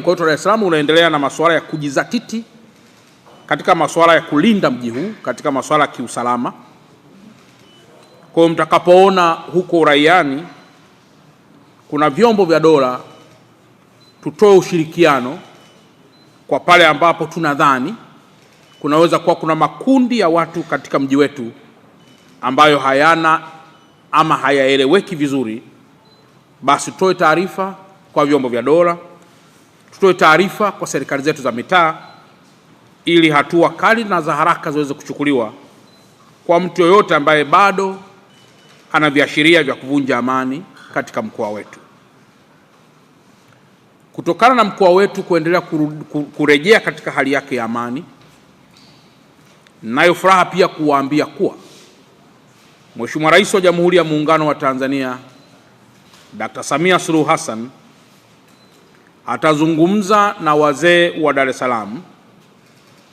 mkoa wetu wa Dar es Salaam unaendelea na masuala ya kujizatiti katika masuala ya kulinda mji huu katika masuala ya kiusalama. Kwa hiyo mtakapoona huko uraiani kuna vyombo vya dola, tutoe ushirikiano kwa pale ambapo tunadhani kunaweza kuwa kuna makundi ya watu katika mji wetu ambayo hayana ama hayaeleweki vizuri, basi tutoe taarifa kwa vyombo vya dola tutoe taarifa kwa serikali zetu za mitaa ili hatua kali na za haraka ziweze kuchukuliwa kwa mtu yoyote ambaye bado ana viashiria vya kuvunja amani katika mkoa wetu. Kutokana na mkoa wetu kuendelea kurejea katika hali yake ya amani, nayo furaha pia kuwaambia kuwa Mheshimiwa Rais wa Jamhuri ya Muungano wa Tanzania Dr. Samia Suluhu Hassan atazungumza na wazee wa Dar es Salaam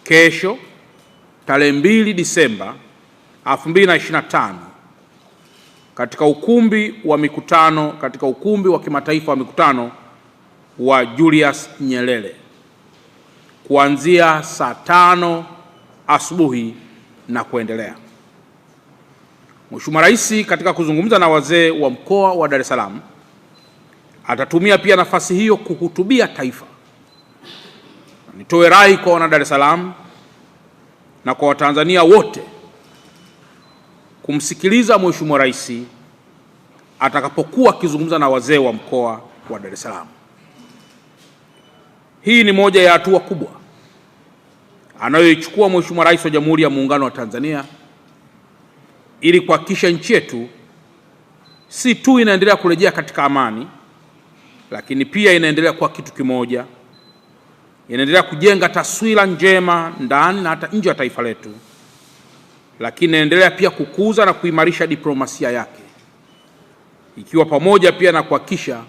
kesho tarehe 2 Disemba 2025 katika ukumbi wa mikutano katika ukumbi wa kimataifa wa mikutano wa Julius Nyerere kuanzia saa tano asubuhi na kuendelea. Mheshimiwa Rais katika kuzungumza na wazee wa mkoa wa Dar es Salaam Atatumia pia nafasi hiyo kuhutubia taifa. Nitoe rai kwa wana Dar es Salaam na kwa Watanzania wote kumsikiliza Mheshimiwa Rais atakapokuwa akizungumza na wazee wa mkoa wa Dar es Salaam. Hii ni moja ya hatua kubwa anayoichukua Mheshimiwa Rais wa Jamhuri ya Muungano wa Tanzania ili kuhakikisha nchi yetu si tu inaendelea kurejea katika amani lakini pia inaendelea kuwa kitu kimoja, inaendelea kujenga taswira njema ndani na hata nje ya taifa letu, lakini inaendelea pia kukuza na kuimarisha diplomasia yake, ikiwa pamoja pia na kuhakikisha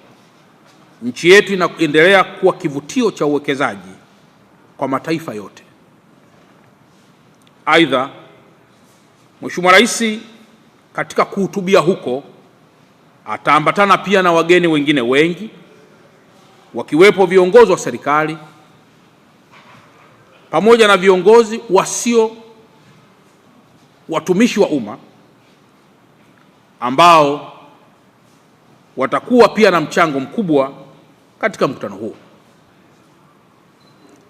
nchi yetu inaendelea kuwa kivutio cha uwekezaji kwa mataifa yote. Aidha, Mheshimiwa Rais katika kuhutubia huko ataambatana pia na wageni wengine wengi wakiwepo viongozi wa serikali pamoja na viongozi wasio watumishi wa umma ambao watakuwa pia na mchango mkubwa katika mkutano huo.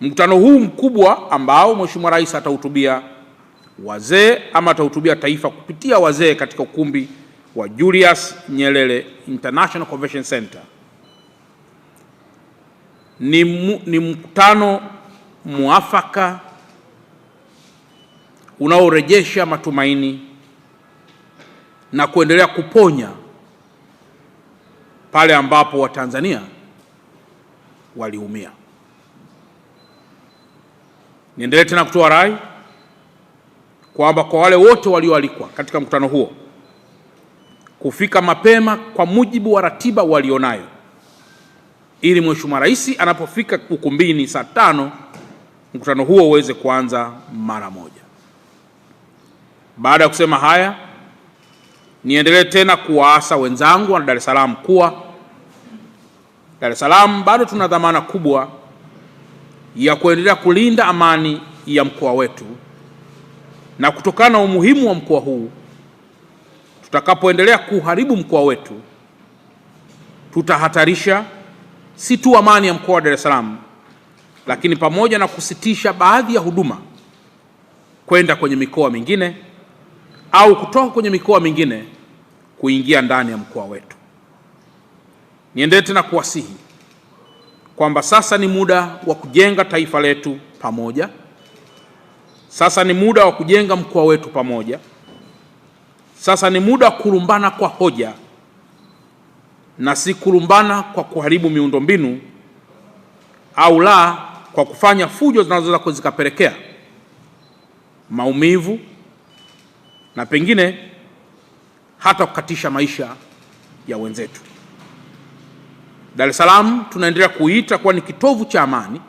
Mkutano huu mkubwa ambao Mheshimiwa Rais atahutubia wazee ama atahutubia taifa kupitia wazee katika ukumbi wa Julius Nyerere International Convention Center ni, mu, ni mkutano muafaka unaorejesha matumaini na kuendelea kuponya pale ambapo Watanzania waliumia. Niendelee tena kutoa rai kwamba kwa wale wote walioalikwa katika mkutano huo kufika mapema kwa mujibu wa ratiba walionayo ili Mheshimiwa Rais anapofika ukumbini saa tano mkutano huo uweze kuanza mara moja. Baada ya kusema haya, niendelee tena kuwaasa wenzangu wa Dar es Salaam kuwa Dar es Salaam bado tuna dhamana kubwa ya kuendelea kulinda amani ya mkoa wetu, na kutokana na umuhimu wa mkoa huu, tutakapoendelea kuharibu mkoa wetu tutahatarisha si tu amani ya mkoa wa Dar es Salaam, lakini pamoja na kusitisha baadhi ya huduma kwenda kwenye mikoa mingine au kutoka kwenye mikoa mingine kuingia ndani ya mkoa wetu. Niendelee tena kuwasihi kwamba sasa ni muda wa kujenga taifa letu pamoja. Sasa ni muda wa kujenga mkoa wetu pamoja. Sasa ni muda wa kulumbana kwa hoja na si kulumbana kwa kuharibu miundombinu au la kwa kufanya fujo zinazoweza zikapelekea maumivu na pengine hata kukatisha maisha ya wenzetu. Dar es Salaam tunaendelea kuita kuwa ni kitovu cha amani.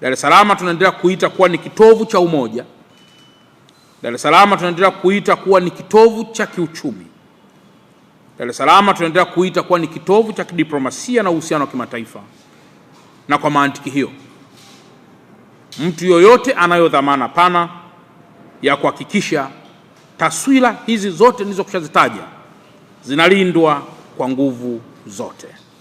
Dar es Salaam tunaendelea kuita kuwa ni kitovu cha umoja. Dar es Salaam tunaendelea kuita kuwa ni kitovu cha kiuchumi. Dar es Salaam tunaendelea kuita kuwa ni kitovu cha kidiplomasia na uhusiano wa kimataifa, na kwa mantiki hiyo mtu yoyote anayo dhamana pana ya kuhakikisha taswira hizi zote nilizokushazitaja zinalindwa kwa nguvu zote.